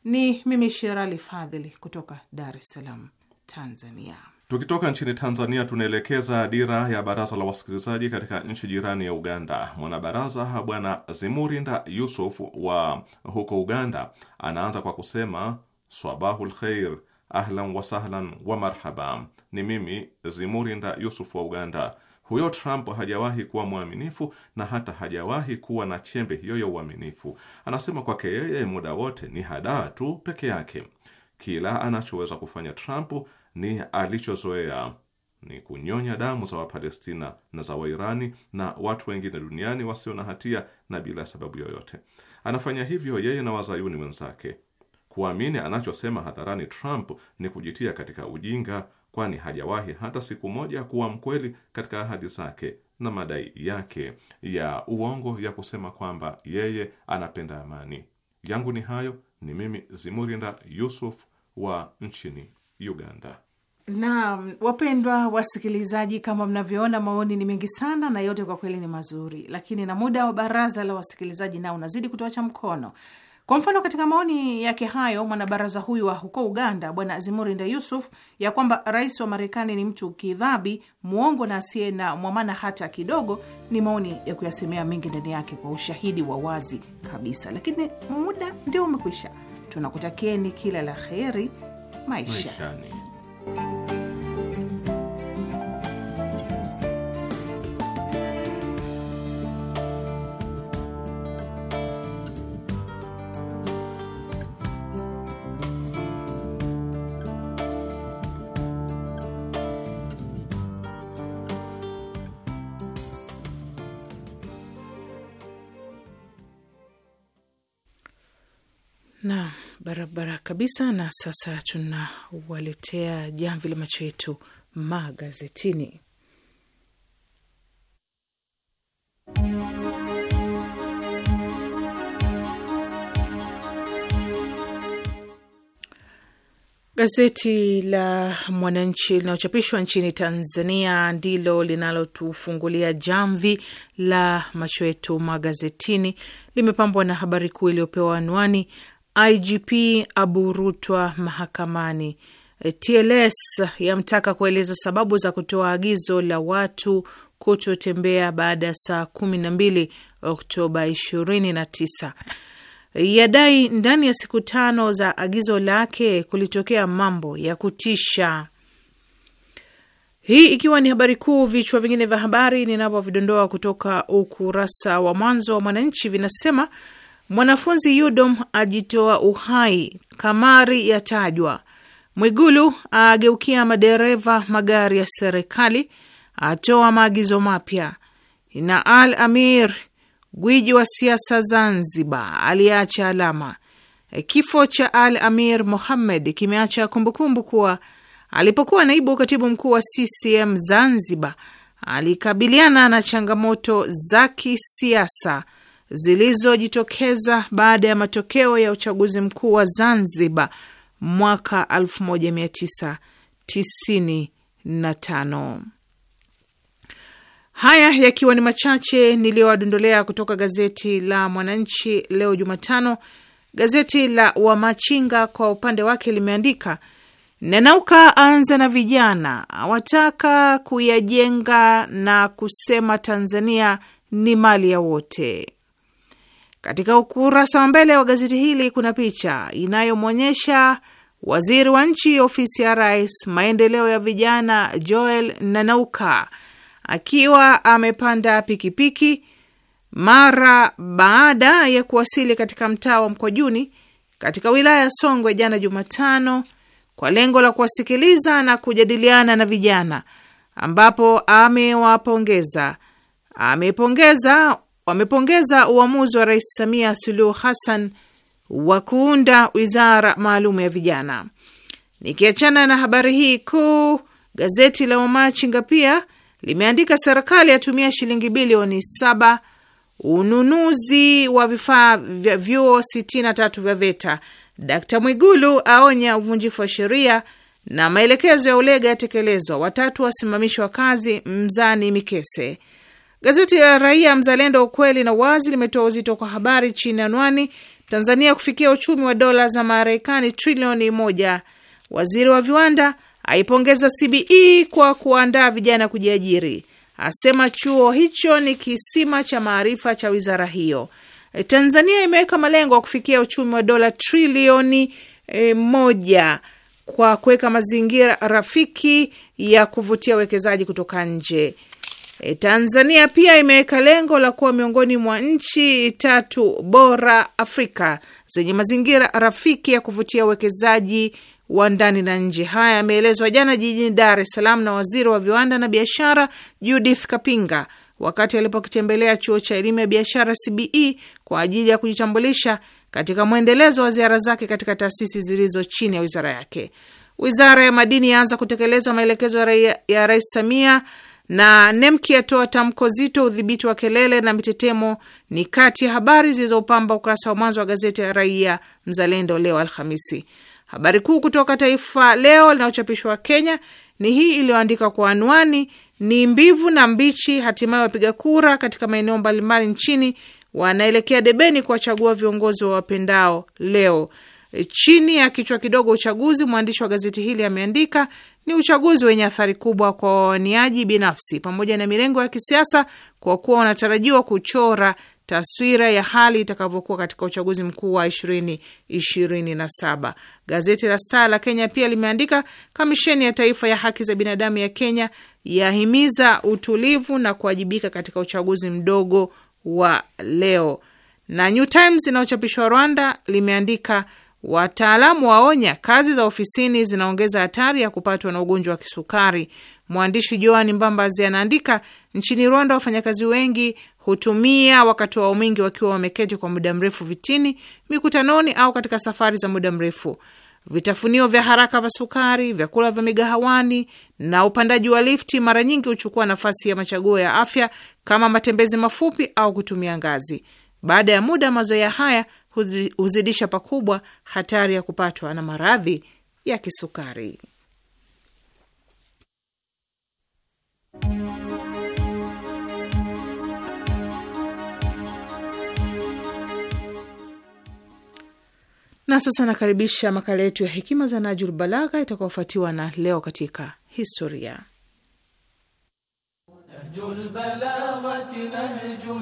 Ni mimi Sherali Fadhili kutoka Dar es Salaam, Tanzania. Tukitoka nchini Tanzania tunaelekeza dira ya baraza la wasikilizaji katika nchi jirani ya Uganda. Mwanabaraza Bwana Zimurinda Yusuf wa huko Uganda anaanza kwa kusema swabahul khair, ahlan wa sahlan wa marhaba. Ni mimi Zimurinda Yusuf wa Uganda. Huyo Trump hajawahi kuwa mwaminifu na hata hajawahi kuwa na chembe hiyo ya uaminifu. Anasema kwake yeye muda wote ni hadaa tu peke yake. Kila anachoweza kufanya Trump ni alichozoea ni kunyonya damu za Wapalestina na za Wairani na watu wengine duniani wasio na hatia na bila sababu yoyote. Anafanya hivyo yeye na wazayuni wenzake. Kuamini anachosema hadharani Trump ni kujitia katika ujinga, kwani hajawahi hata siku moja kuwa mkweli katika ahadi zake na madai yake ya uongo ya kusema kwamba yeye anapenda amani. Yangu ni hayo. Ni mimi Zimurinda Yusuf wa nchini Uganda. Naam, wapendwa wasikilizaji, kama mnavyoona maoni ni mengi sana, na yote kwa kweli ni mazuri, lakini na muda wa baraza la wasikilizaji nao unazidi kutoacha mkono. Kwa mfano, katika maoni yake hayo, mwanabaraza huyu wa huko Uganda, Bwana Azimurinda Yusuf, ya kwamba rais wa Marekani ni mtu kidhabi, mwongo na asiye na mwamana hata kidogo, ni maoni ya kuyasemea mengi ndani yake kwa ushahidi wa wazi kabisa, lakini muda ndio umekwisha. Tunakutakieni kila la kheri maisha, maishani. barabara kabisa. Na sasa tunawaletea jamvi la macho yetu magazetini. Gazeti la Mwananchi linalochapishwa nchini Tanzania ndilo linalotufungulia jamvi la macho yetu magazetini. Limepambwa na habari kuu iliyopewa anwani IGP Abu Rutwa mahakamani. E, TLS yamtaka kueleza sababu za kutoa agizo la watu kutotembea baada ya saa kumi na mbili Oktoba ishirini na tisa. E, yadai ndani ya siku tano za agizo lake kulitokea mambo ya kutisha. Hii ikiwa ni habari kuu. Vichwa vingine vya habari ninavyovidondoa kutoka ukurasa wa mwanzo wa Mwananchi vinasema Mwanafunzi Yudom ajitoa uhai, kamari yatajwa. Mwigulu ageukia madereva magari ya serikali, atoa maagizo mapya. Na Al Amir, gwiji wa siasa Zanzibar, aliyeacha alama. Kifo cha Al Amir Mohammed kimeacha kumbukumbu kuwa alipokuwa naibu katibu mkuu wa CCM Zanzibar alikabiliana na changamoto za kisiasa zilizojitokeza baada ya matokeo ya uchaguzi mkuu wa Zanzibar mwaka 1995. Haya yakiwa ni machache niliyowadondolea kutoka gazeti la Mwananchi leo Jumatano. Gazeti la Wamachinga kwa upande wake limeandika Nanauka anza na vijana, wataka kuyajenga na kusema Tanzania ni mali ya wote. Katika ukurasa wa mbele wa gazeti hili kuna picha inayomwonyesha waziri wa nchi ofisi ya rais maendeleo ya vijana Joel Nanauka akiwa amepanda pikipiki piki mara baada ya kuwasili katika mtaa wa Mkwajuni katika wilaya ya Songwe jana Jumatano kwa lengo la kuwasikiliza na kujadiliana na vijana ambapo amewapongeza amepongeza wamepongeza uamuzi wa Rais Samia Suluhu Hassan wa kuunda wizara maalum ya vijana. Nikiachana na habari hii kuu, gazeti la Wamachinga pia limeandika serikali yatumia shilingi bilioni saba ununuzi wa vifaa vya vyuo 63 vya VETA. Dkt Mwigulu aonya uvunjifu wa sheria na maelekezo ya ulega yatekelezwa, watatu wasimamishwa kazi mzani Mikese. Gazeti ya Raia Mzalendo, ukweli na uwazi, limetoa uzito kwa habari chini anwani, Tanzania kufikia uchumi wa dola za Marekani trilioni moja. Waziri wa viwanda aipongeza CBE kwa kuandaa vijana kujiajiri, asema chuo hicho ni kisima cha maarifa cha wizara hiyo. E, Tanzania imeweka malengo ya kufikia uchumi wa dola trilioni e, moja kwa kuweka mazingira rafiki ya kuvutia uwekezaji kutoka nje. E, Tanzania pia imeweka lengo la kuwa miongoni mwa nchi tatu bora Afrika zenye mazingira rafiki ya kuvutia uwekezaji wa ndani na nje. Haya yameelezwa jana jijini Dar es Salaam na waziri wa viwanda na biashara Judith Kapinga wakati alipokitembelea chuo cha elimu ya biashara CBE kwa ajili ya kujitambulisha katika mwendelezo wa ziara zake katika taasisi zilizo chini ya wizara yake. Wizara ya madini yaanza kutekeleza maelekezo ya Rais Samia na Nemki yatoa tamko zito, udhibiti wa kelele na mitetemo ni kati ya habari zilizopamba ukurasa wa mwanzo wa gazeti ya Raia Mzalendo leo Alhamisi. Habari kuu kutoka Taifa Leo linalochapishwa Kenya ni hii iliyoandika kwa anwani ni mbivu na mbichi, hatimaye wapiga kura katika maeneo mbalimbali nchini wanaelekea debeni kuwachagua viongozi wa wapendao leo. E, chini ya kichwa kidogo uchaguzi, mwandishi wa gazeti hili ameandika ni uchaguzi wenye athari kubwa kwa wawaniaji binafsi pamoja na mirengo ya kisiasa, kwa kuwa wanatarajiwa kuchora taswira ya hali itakavyokuwa katika uchaguzi mkuu wa 2027. Gazeti la Star la Kenya pia limeandika, kamisheni ya taifa ya haki za binadamu ya Kenya yahimiza utulivu na kuwajibika katika uchaguzi mdogo wa leo, na New Times inayochapishwa Rwanda limeandika Wataalamu waonya kazi za ofisini zinaongeza hatari ya kupatwa na ugonjwa wa kisukari. Mwandishi Joan Mbambazi anaandika, nchini Rwanda wafanyakazi wengi hutumia wakati wao mwingi wakiwa wameketi kwa muda mrefu vitini, mikutanoni au katika safari za muda mrefu. Vitafunio vya haraka vya sukari, vyakula vya migahawani na upandaji wa lifti mara nyingi huchukua nafasi ya machaguo ya afya kama matembezi mafupi au kutumia ngazi. Baada ya muda, mazoea haya huzidisha pakubwa hatari ya kupatwa na maradhi ya kisukari. Na sasa nakaribisha makala yetu ya hekima za Najul Balagha itakayofuatiwa na leo katika historia Nahjul Balagha, Nahjul.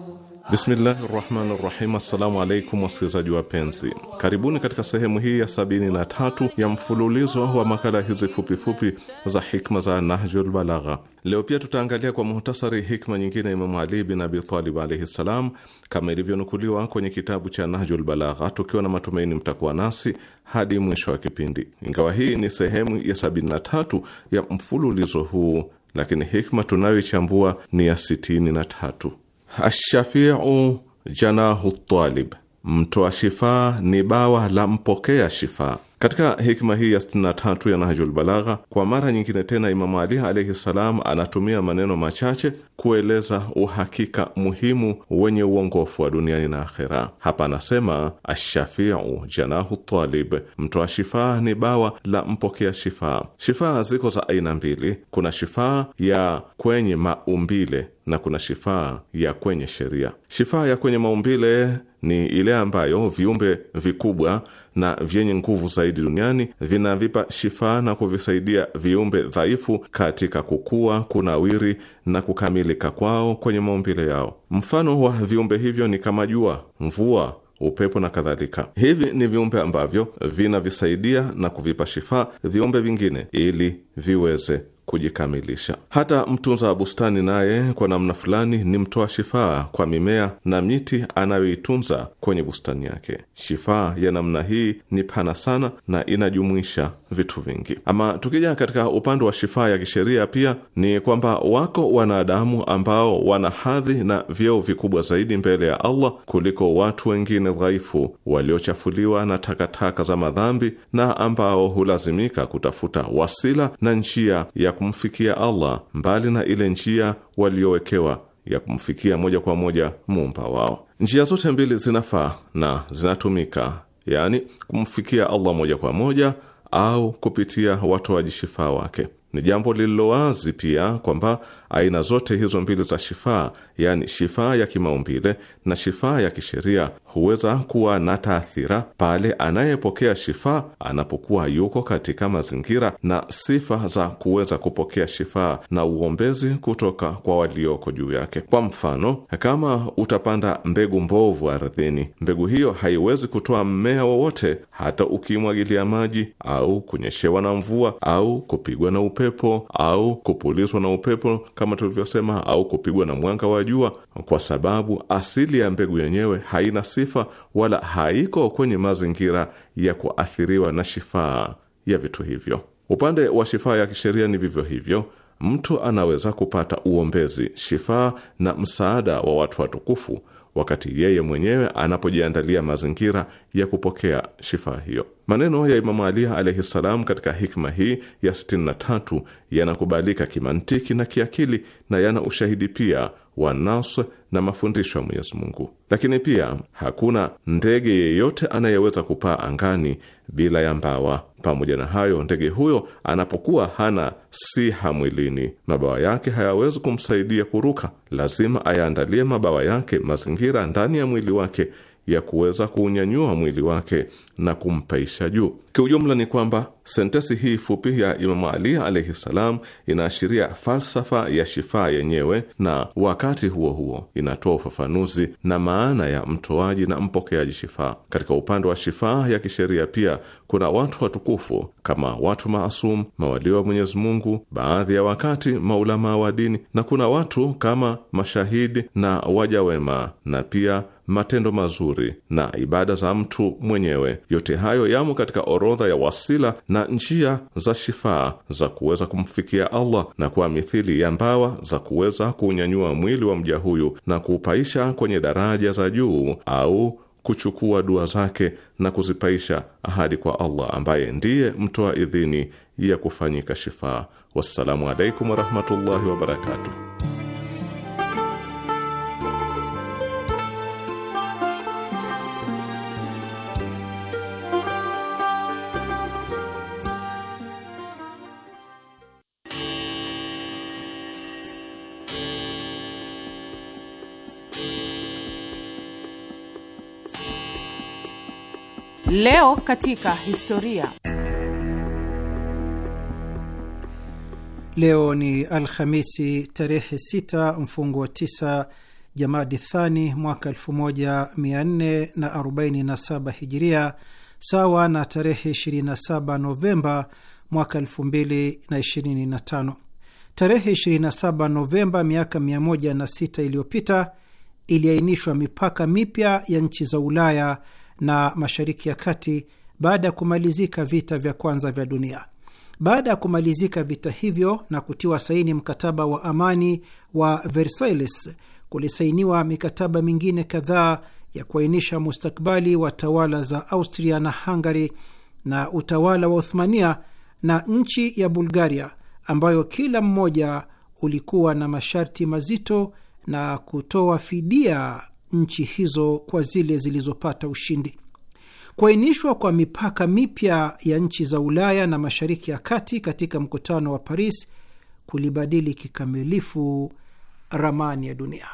Bismillahi rahmani rahim. Assalamu alaikum wasikilizaji wapenzi, karibuni katika sehemu hii ya sabini na tatu ya mfululizo wa makala hizi fupifupi za hikma za Nahjul Balagha. Leo pia tutaangalia kwa muhtasari hikma nyingine ya Imamu Ali bin Abi Talib alaihi ssalam, kama ilivyonukuliwa kwenye kitabu cha Nahjul Balagha, tukiwa na matumaini mtakuwa nasi hadi mwisho wa kipindi. Ingawa hii ni sehemu ya sabini na tatu ya mfululizo huu, lakini hikma tunayoichambua ni ya sitini na tatu. Ashafiu janahu talib, mtoa shifaa ni bawa la mpokea shifaa. Katika hikma hii ya 63 ya Nahjul Balagha, kwa mara nyingine tena, Imamu Ali alaihi ssalam anatumia maneno machache kueleza uhakika muhimu wenye uongofu wa duniani na akhera. Hapa anasema ashafiu janahu talib, mtoa shifaa ni bawa la mpokea shifaa. Shifaa ziko za aina mbili, kuna shifaa ya kwenye maumbile na kuna shifaa ya kwenye sheria. Shifaa ya kwenye maumbile ni ile ambayo viumbe vikubwa na vyenye nguvu zaidi duniani vinavipa shifaa na kuvisaidia viumbe dhaifu katika kukua, kunawiri na kukamilika kwao kwenye maumbile yao. Mfano wa viumbe hivyo ni kama jua, mvua upepo na kadhalika. Hivi ni viumbe ambavyo vinavisaidia na kuvipa shifaa viumbe vingine ili viweze kujikamilisha. Hata mtunza wa bustani naye kwa namna fulani ni mtoa shifaa kwa mimea na miti anayoitunza kwenye bustani yake. Shifaa ya namna hii ni pana sana na inajumuisha vitu vingi. Ama tukija katika upande wa shifaa ya kisheria, pia ni kwamba wako wanadamu ambao wana hadhi na vyeo vikubwa zaidi mbele ya Allah kuliko watu wengine dhaifu waliochafuliwa na takataka za madhambi na ambao hulazimika kutafuta wasila na njia ya kumfikia Allah mbali na ile njia waliowekewa ya kumfikia moja kwa moja muumba wao. Njia zote mbili zinafaa na zinatumika, yaani kumfikia Allah moja kwa moja au kupitia watoaji shifaa wake. Ni jambo lililowazi pia kwamba Aina zote hizo mbili za shifaa, yaani shifaa ya kimaumbile na shifaa ya kisheria, huweza kuwa na taathira pale anayepokea shifaa anapokuwa yuko katika mazingira na sifa za kuweza kupokea shifaa na uombezi kutoka kwa walioko juu yake. Kwa mfano, kama utapanda mbegu mbovu ardhini, mbegu hiyo haiwezi kutoa mmea wowote, hata ukimwagilia maji au kunyeshewa na mvua au kupigwa na upepo au kupulizwa na upepo kama tulivyosema, au kupigwa na mwanga wa jua, kwa sababu asili ya mbegu yenyewe haina sifa wala haiko kwenye mazingira ya kuathiriwa na shifaa ya vitu hivyo. Upande wa shifaa ya kisheria ni vivyo hivyo, mtu anaweza kupata uombezi, shifaa na msaada wa watu watukufu wakati yeye mwenyewe anapojiandalia mazingira ya kupokea shifa hiyo. Maneno ya Imamu Ali alaihi ssalam katika hikma hii ya 63 yanakubalika kimantiki na kiakili na yana ushahidi pia wa nas na mafundisho ya Mwenyezi Mungu. Lakini pia hakuna ndege yeyote anayeweza kupaa angani bila ya mbawa. Pamoja na hayo, ndege huyo anapokuwa hana siha mwilini, mabawa yake hayawezi kumsaidia kuruka. Lazima ayaandalie mabawa yake mazingira ndani ya mwili wake ya kuweza kuunyanyua mwili wake na kumpaisha juu. Kiujumla ni kwamba sentesi hii fupi ya Imamu Ali alaihi ssalam inaashiria falsafa ya shifaa yenyewe, na wakati huo huo inatoa ufafanuzi na maana ya mtoaji na mpokeaji shifaa. Katika upande wa shifaa ya kisheria, pia kuna watu watukufu kama watu maasum, mawalio wa Mwenyezi Mungu, baadhi ya wakati maulamaa wa dini, na kuna watu kama mashahidi na waja wema, na pia matendo mazuri na ibada za mtu mwenyewe, yote hayo yamo katika orodha ya wasila na njia za shifaa za kuweza kumfikia Allah, na kwa mithili ya mbawa za kuweza kuunyanyua mwili wa mja huyu na kuupaisha kwenye daraja za juu au kuchukua dua zake na kuzipaisha ahadi kwa Allah ambaye ndiye mtoa idhini ya kufanyika shifaa. Wassalamu alaikum warahmatullahi wabarakatuh. Leo katika historia. Leo ni Alhamisi tarehe 6 mfungu wa 9 Jamadi Thani mwaka 1447 Hijiria, sawa na tarehe 27 Novemba mwaka 2025. Tarehe 27 Novemba miaka 106 iliyopita iliainishwa mipaka mipya ya nchi za Ulaya na Mashariki ya Kati baada ya kumalizika vita vya kwanza vya dunia. Baada ya kumalizika vita hivyo na kutiwa saini mkataba wa amani wa Versailles, kulisainiwa mikataba mingine kadhaa ya kuainisha mustakbali wa tawala za Austria na Hungary na utawala wa Uthmania na nchi ya Bulgaria, ambayo kila mmoja ulikuwa na masharti mazito na kutoa fidia nchi hizo kwa zile zilizopata ushindi. Kuainishwa kwa mipaka mipya ya nchi za Ulaya na Mashariki ya Kati katika mkutano wa Paris kulibadili kikamilifu ramani ya dunia.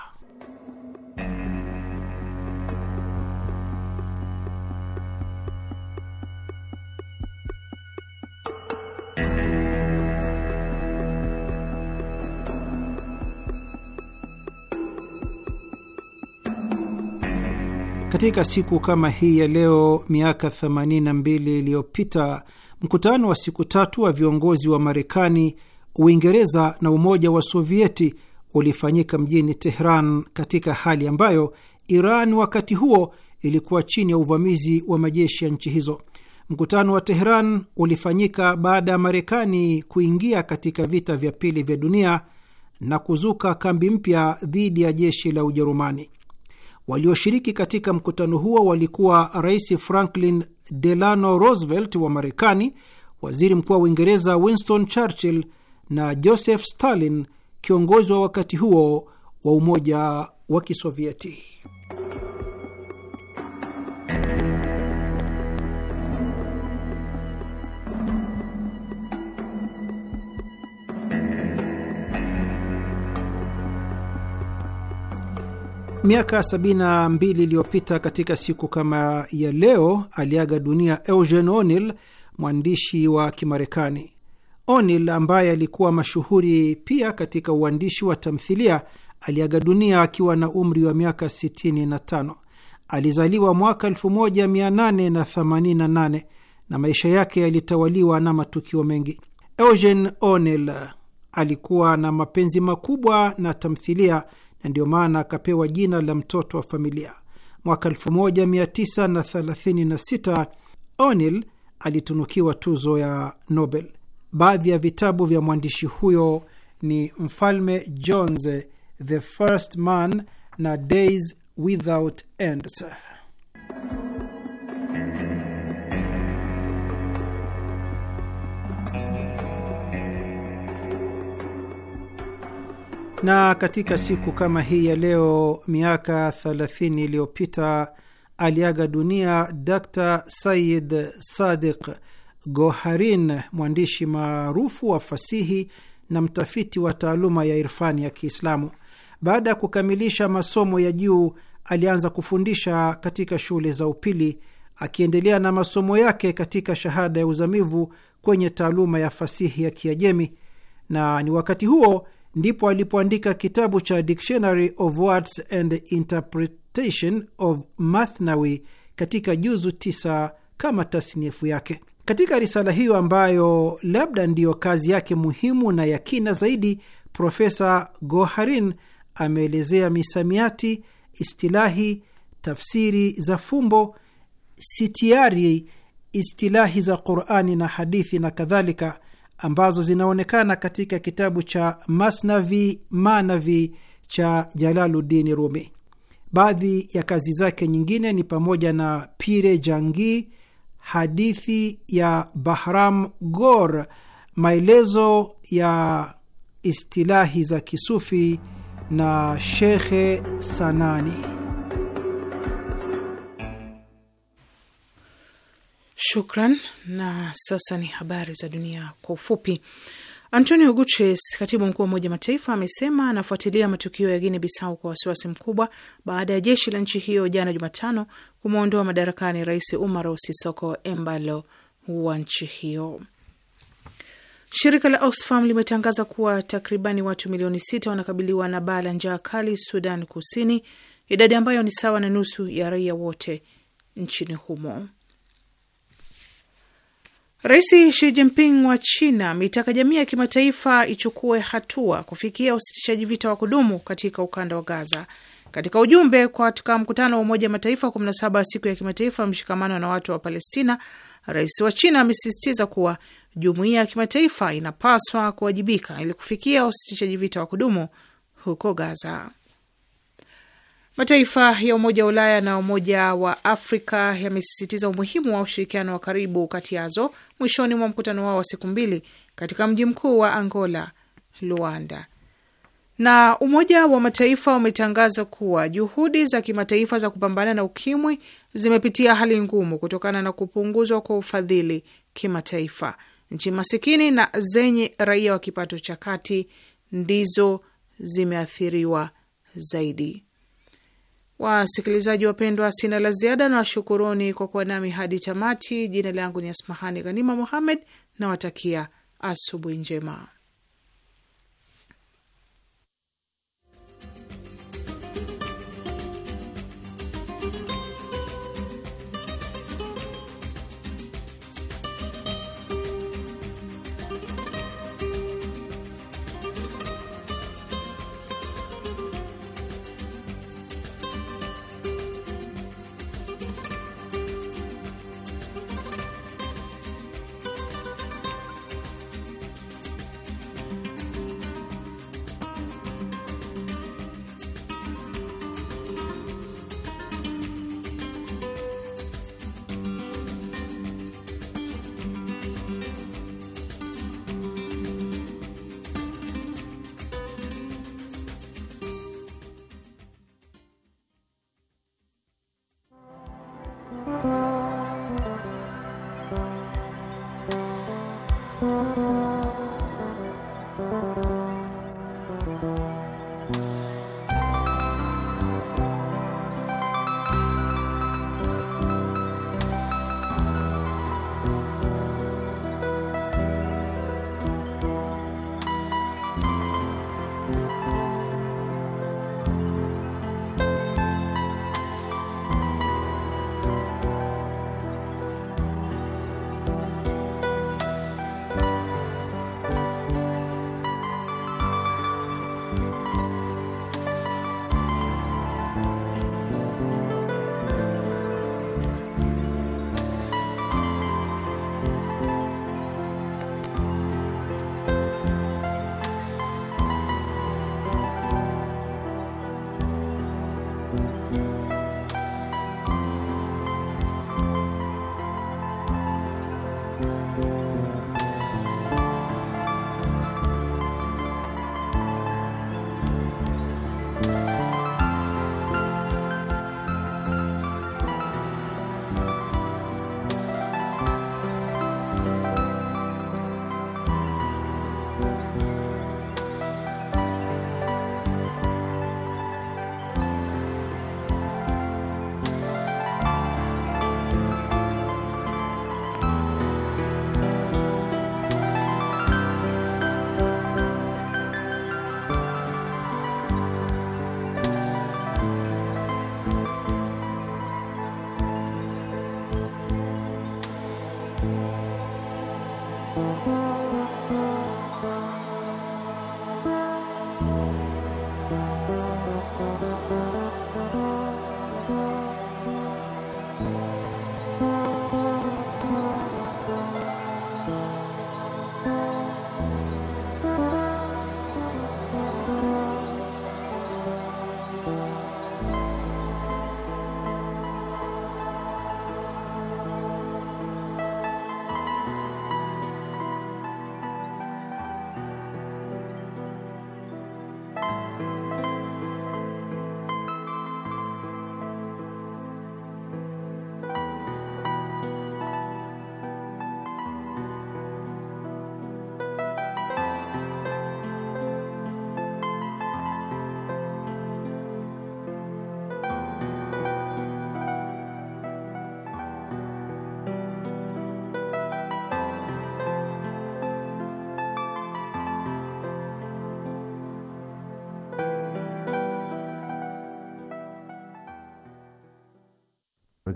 Katika siku kama hii ya leo miaka 82 iliyopita, mkutano wa siku tatu wa viongozi wa Marekani, Uingereza na Umoja wa Sovieti ulifanyika mjini Tehran katika hali ambayo Iran wakati huo ilikuwa chini ya uvamizi wa majeshi ya nchi hizo. Mkutano wa Tehran ulifanyika baada ya Marekani kuingia katika vita vya pili vya dunia na kuzuka kambi mpya dhidi ya jeshi la Ujerumani. Walioshiriki katika mkutano huo walikuwa Rais Franklin Delano Roosevelt wa Marekani, Waziri Mkuu wa Uingereza Winston Churchill na Joseph Stalin, kiongozi wa wakati huo wa Umoja wa Kisovieti. Miaka 72 iliyopita katika siku kama ya leo aliaga dunia Eugene O'Neill, mwandishi wa Kimarekani. O'Neill ambaye alikuwa mashuhuri pia katika uandishi wa tamthilia aliaga dunia akiwa na umri wa miaka 65. Alizaliwa mwaka 1888 na, na maisha yake yalitawaliwa na matukio mengi. Eugene O'Neill alikuwa na mapenzi makubwa na tamthilia na ndiyo maana akapewa jina la mtoto wa familia. Mwaka 1936 O'Neill alitunukiwa tuzo ya Nobel. Baadhi ya vitabu vya mwandishi huyo ni Mfalme Jones, The First Man na Days Without Ends. Na katika siku kama hii ya leo miaka 30 iliyopita aliaga dunia Dr Sayid Sadiq Goharin, mwandishi maarufu wa fasihi na mtafiti wa taaluma ya irfani ya Kiislamu. Baada ya kukamilisha masomo ya juu, alianza kufundisha katika shule za upili, akiendelea na masomo yake katika shahada ya uzamivu kwenye taaluma ya fasihi ya Kiajemi, na ni wakati huo ndipo alipoandika kitabu cha Dictionary of Words and Interpretation of Mathnawi katika juzu tisa kama tasnifu yake. Katika risala hiyo ambayo labda ndiyo kazi yake muhimu na ya kina zaidi, Profesa Goharin ameelezea misamiati, istilahi, tafsiri za fumbo, sitiari, istilahi za Qurani na hadithi na kadhalika ambazo zinaonekana katika kitabu cha Masnavi Manavi cha jalaludini Rumi. Baadhi ya kazi zake nyingine ni pamoja na Pire Jangi, hadithi ya Bahram Gor, maelezo ya istilahi za Kisufi na Shekhe Sanani. Shukran. Na sasa ni habari za dunia kwa ufupi. Antonio Guterres, katibu mkuu wa Umoja Mataifa, amesema anafuatilia matukio ya Guinea Bissau kwa wasiwasi mkubwa baada ya jeshi la nchi hiyo jana Jumatano kumwondoa madarakani Rais Umaro Sisoko Embalo wa nchi hiyo. Shirika la Oxfam limetangaza kuwa takribani watu milioni sita wanakabiliwa na baa la njaa kali Sudan Kusini, idadi ambayo ni sawa na nusu ya raia wote nchini humo. Rais Xi Jinping wa China ameitaka jamii ya kimataifa ichukue hatua kufikia usitishaji vita wa kudumu katika ukanda wa Gaza. Katika ujumbe katika mkutano wa Umoja Mataifa 17 siku ya kimataifa mshikamano na watu wa Palestina, rais wa China amesisitiza kuwa jumuiya ya kimataifa inapaswa kuwajibika ili kufikia usitishaji vita wa kudumu huko Gaza. Mataifa ya Umoja wa Ulaya na Umoja wa Afrika yamesisitiza umuhimu wa ushirikiano wa karibu kati yazo mwishoni mwa mkutano wao wa siku mbili katika mji mkuu wa Angola, Luanda. Na Umoja wa Mataifa umetangaza kuwa juhudi za kimataifa za kupambana na ukimwi zimepitia hali ngumu kutokana na kupunguzwa kwa ufadhili kimataifa. Nchi masikini na zenye raia wa kipato cha kati ndizo zimeathiriwa zaidi. Wasikilizaji wapendwa, sina la ziada na washukuruni kwa kuwa nami hadi tamati. Jina langu ni Asmahani Ghanima Muhammed, nawatakia asubuhi njema.